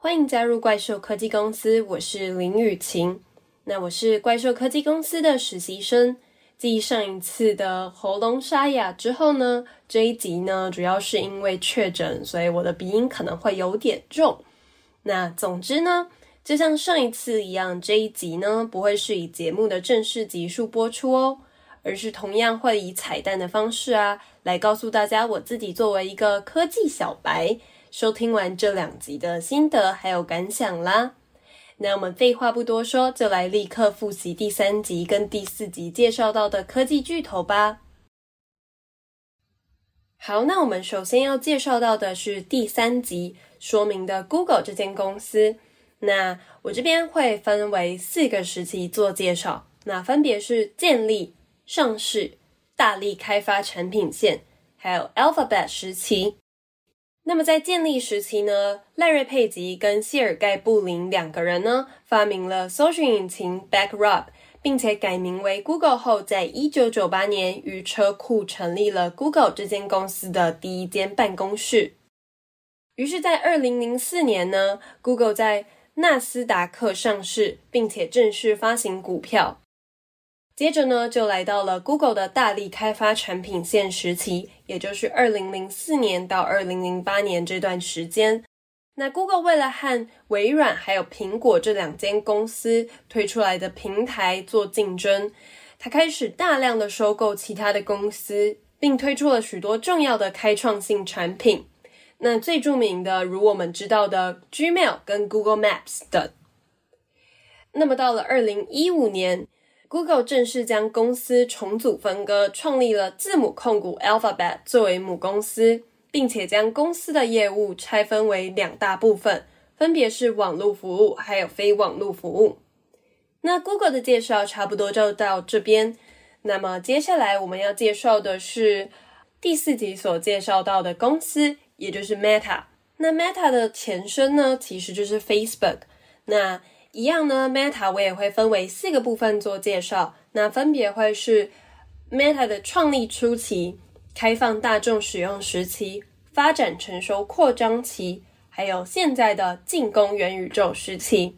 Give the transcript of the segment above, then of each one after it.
歡迎加入怪獸科技公司，我是林雨晴。那我是怪獸科技公司的實習生。繼上一次的喉嚨沙啞之後呢，這一集呢主要是因為確診，所以我的鼻音可能會有點重。那總之呢，就像上一次一樣，這一集呢不會是以節目的正式集數播出哦，而是同樣會以彩蛋的方式啊來告訴大家我自己作為一個科技小白，收聽完這兩集的心得還有感想啦，那我們廢話不多說，就來立刻複習第三集跟第四集介紹到的科技巨頭吧。好，那我們首先要介紹到的是第三集，說明的 Google 這間公司。那我這邊會分為四個時期做介紹，那分別是建立、上市、大力開發產品線，還有 Alphabet 時期。那麼在建立時期呢，賴瑞·佩吉跟謝爾蓋·布林兩個人呢，發明了搜尋引擎 BackRub，並且改名為 Google 後，在一九九八年於車庫成立了 Google 這間公司的第一間辦公室。於是，在二零零四年呢，Google 在納斯達克上市，並且正式發行股票。接着呢，就來到了 Google 的大力開發產品線時期，也就是2004年到2008年這段時間。那 Google 為了和微軟還有蘋果這兩間公司推出來的平台做競爭，它開始大量的收購其他的公司，並推出了許多重要的開創性產品。那最著名的，如我們知道的 Gmail 跟 Google Maps 等。那麼到了2015年，Google 正式將公司重組分割，創立了字母控股 Alphabet 作為母公司，並且將公司的業務拆分為兩大部分，分別是網絡服務還有非網絡服務。那 Google 的介紹差不多就到這邊，那麼接下來我們要介紹的是第四集所介紹到的公司，也就是 Meta。那 Meta 的前身呢，其實就是 Facebook。那一樣呢，Meta 我也會分為四個部分做介紹，那分別會是 Meta 的創立初期、開放大衆使用時期、發展成熟擴張期，還有現在的進攻元宇宙時期。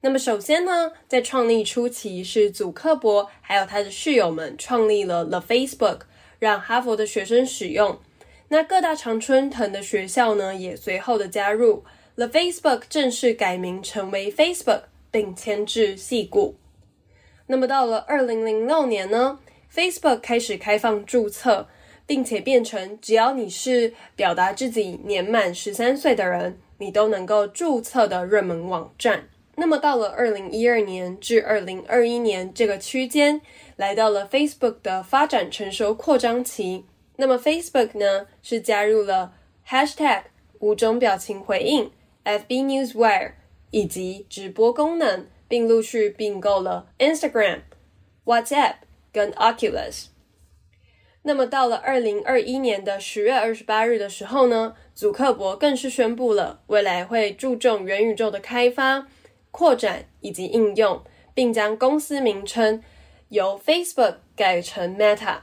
那麼首先呢，在創立初期是祖克伯還有他的室友們創立了 The Facebook，讓哈佛的學生使用，那各大常春藤的學校呢也隨後的加入。The Facebook 正式改名成為 Facebook，並遷至硅谷。那麼到了二零零六年呢，Facebook 開始開放註冊，並且變成只要你是表達自己年滿十三歲的人，你都能夠註冊的熱門網站。那麼到了二零一二年至二零二一年這個區間，來到了 Facebook 的發展成熟擴張期。那麼 Facebook 呢，是加入了 Hashtag 五種表情回應、FB Newswire 以及直播功能，並陸續併購了 Instagram、WhatsApp 跟 Oculus。那麼到了二零二一年的十月二十八日的時候呢，祖克伯更是宣布了未來會注重元宇宙的開發、擴展以及應用，並將公司名稱由 Facebook 改成 Meta。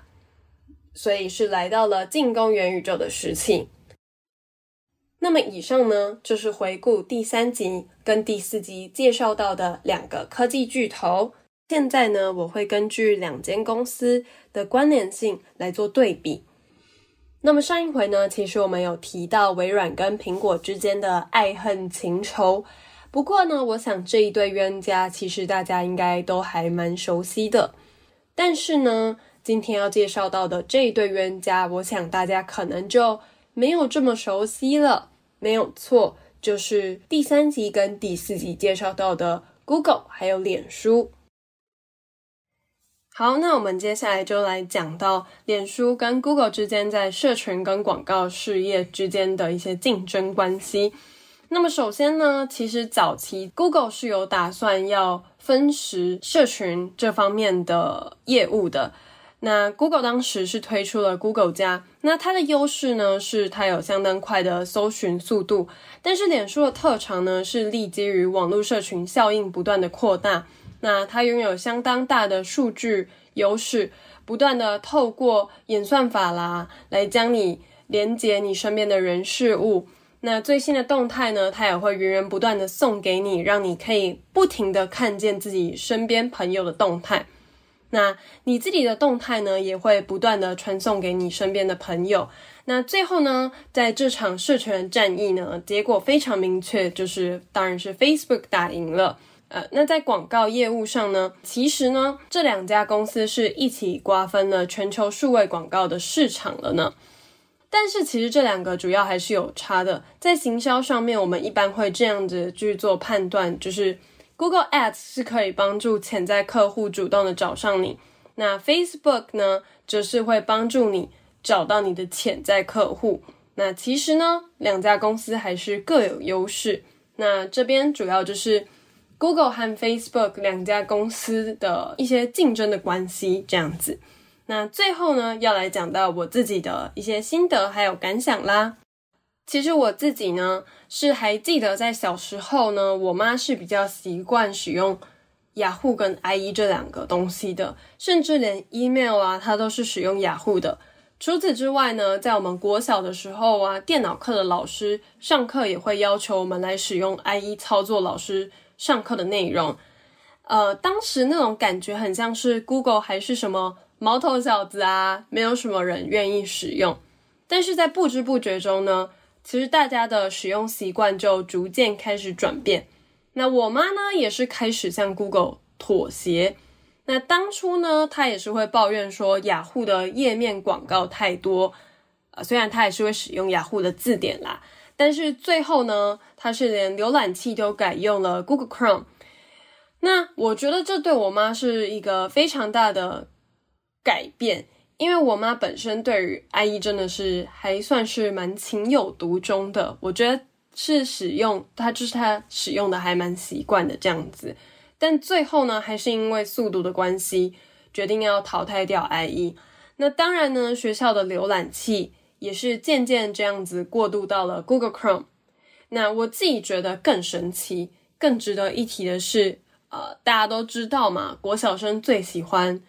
所以是來到了進攻元宇宙的事情。那麼以上呢，就是回顧第三集跟第四集介紹到的兩個科技巨頭。現在呢，我會根據兩間公司的關聯性來做對比。那麼上一回呢，其實我們有提到微軟跟蘋果之間的愛恨情仇。不過呢，我想這一對冤家其實大家應該都還蠻熟悉的。但是呢，今天要介紹到的這一對冤家，我想大家可能就沒有這麼熟悉了。沒有錯，就是第三集跟第四集介紹到的 Google 還有臉書。好，那我們接下來就來講到臉書跟 Google 之間在社群跟廣告事業之間的一些競爭關係。那麼首先呢，其實早期 Google 是有打算要分食社群這方面的業務的。那 Google 當時是推出了 Google +，那它的優勢呢，是它有相當快的搜尋速度，但是臉書的特長呢，是立基於網絡社群效應不斷的擴大，那它擁有相當大的數據優勢，不斷的透過演算法啦，來將你連接你身邊的人事物，那最新的動態呢，它也會源源不斷的送給你，讓你可以不停的看見自己身邊朋友的動態。那你自己的動態呢，也會不斷的傳送給你身邊的朋友。那最後呢，在這場社群戰役呢，結果非常明確，就是當然是 Facebook 打贏了。呃，那在廣告業務上呢，其實呢，這兩家公司是一起瓜分了全球數位廣告的市場了呢。但是其實這兩個主要還是有差的，在行銷上面，我們一般會這樣子去做判斷，就是。Google Ads 是可以幫助潛在客戶主動的找上你，那 Facebook 呢，就是會幫助你找到你的潛在客戶。那其實呢，兩家公司還是各有優勢。那這邊主要就是 Google 和 Facebook 兩家公司的一些競爭的關係，這樣子。那最後呢，要來講到我自己的一些心得還有感想啦。其實我自己呢，是還記得在小時候呢，我媽是比較習慣使用雅虎跟 IE 這兩個東西的，甚至連 email 啊，她都是使用雅虎的。除此之外呢，在我們國小的時候啊，電腦課的老師上課也會要求我們來使用 IE 操作老師上課的內容。呃，當時那種感覺很像是 Google 還是什麼毛頭小子啊，沒有什麼人願意使用。但是在不知不覺中呢。其實大家的使用習慣就逐漸開始轉變，那我媽呢也是開始向 Google 妥協。那當初呢，她也是會抱怨說雅虎、ah、的頁面廣告太多。呃，雖然她也是會使用雅虎、ah、的字典啦，但是最後呢，她是連瀏覽器都改用了 Google Chrome。那我覺得這對我媽是一個非常大的改變。因為我媽本身對於 IE 真的是還算是蠻情有獨鍾的，我覺得是使用，她就是她使用的還蠻習慣的這樣子。但最後呢，還是因為速度的關係，決定要淘汰掉 IE。那當然呢，學校的瀏覽器也是漸漸這樣子過渡到了 Google Chrome。那我自己覺得更神奇、更值得一提的是，呃，大家都知道嘛，國小生最喜歡。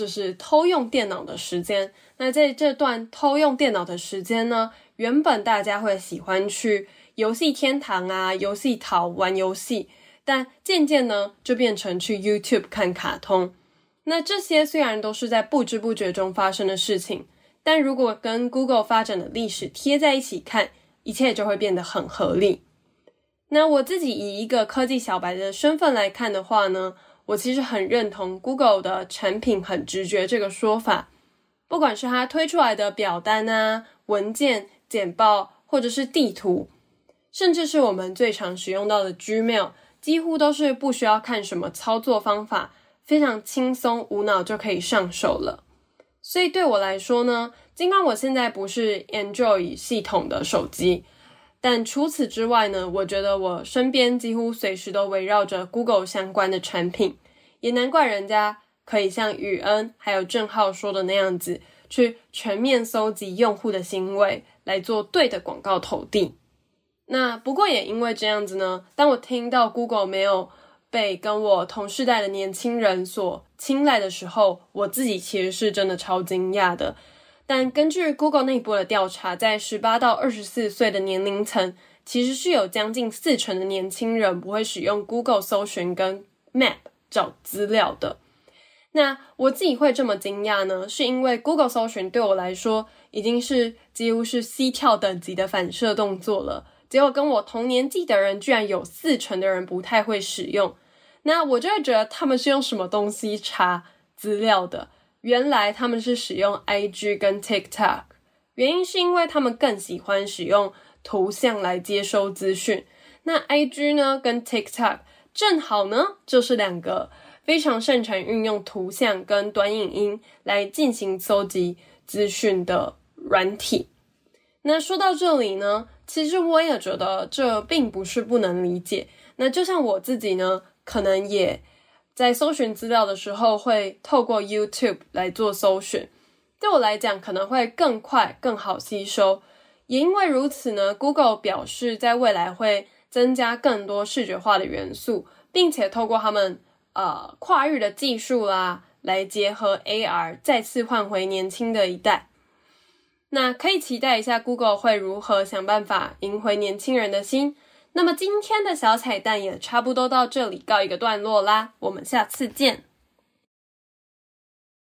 就是偷用電腦的時間。那在這段偷用電腦的時間呢，原本大家會喜歡去遊戲天堂啊、遊戲淘玩遊戲，但漸漸呢就變成去 YouTube 看卡通。那這些雖然都是在不知不覺中發生的事情，但如果跟 Google 發展的歷史貼在一起看，一切就會變得很合理。那我自己以一個科技小白的身份來看的話呢，我其實很認同 Google 的產品很直覺這個說法，不管是它推出來的表單啊、文件、簡報，或者是地圖，甚至是我們最常使用到的 Gmail，幾乎都是不需要看什麼操作方法，非常輕鬆無腦就可以上手了。所以對我來說呢，儘管我現在不是 Android 系統的手機。但除此之外呢，我覺得我身邊幾乎隨時都圍繞着 Google 相關的產品，也難怪人家可以像宇恩還有鄭浩說的那樣子，去全面蒐集用戶的行為來做對的廣告投遞。那不過也因為這樣子呢，當我聽到 Google 沒有被跟我同世代的年輕人所青睞的時候，我自己其實是真的超驚訝的。但根據 Google 內部的調查，在十八到二十四歲的年齡層，其實是有將近四成的年輕人不會使用 Google 搜尋跟 Map 找資料的。那我自己會這麼驚訝呢，是因為 Google 搜尋對我來說已經是幾乎是 c 跳等級的反射動作了。結果跟我同年紀的人，居然有四成的人不太會使用，那我就會覺得他們是用什麼東西查資料的。原來他們是使用 IG 跟 TikTok，原因是因為他們更喜歡使用圖像來接收資訊。那 IG 呢跟 TikTok 正好呢，就是兩個非常擅長運用圖像跟短影音來進行搜集資訊的軟體。那說到這裡呢，其實我也覺得這並不是不能理解。那就像我自己呢，可能也。在搜尋資料的時候，會透過 YouTube 來做搜尋，對我來講可能會更快、更好吸收。也因為如此呢，Google 表示在未來會增加更多視覺化的元素，並且透過他們呃跨域的技術啦，來結合 AR，再次喚回年輕的一代。那可以期待一下 Google 會如何想辦法贏回年輕人的心。那麼今天的小彩蛋也差不多到這裡，告一個段落啦。我們下次見。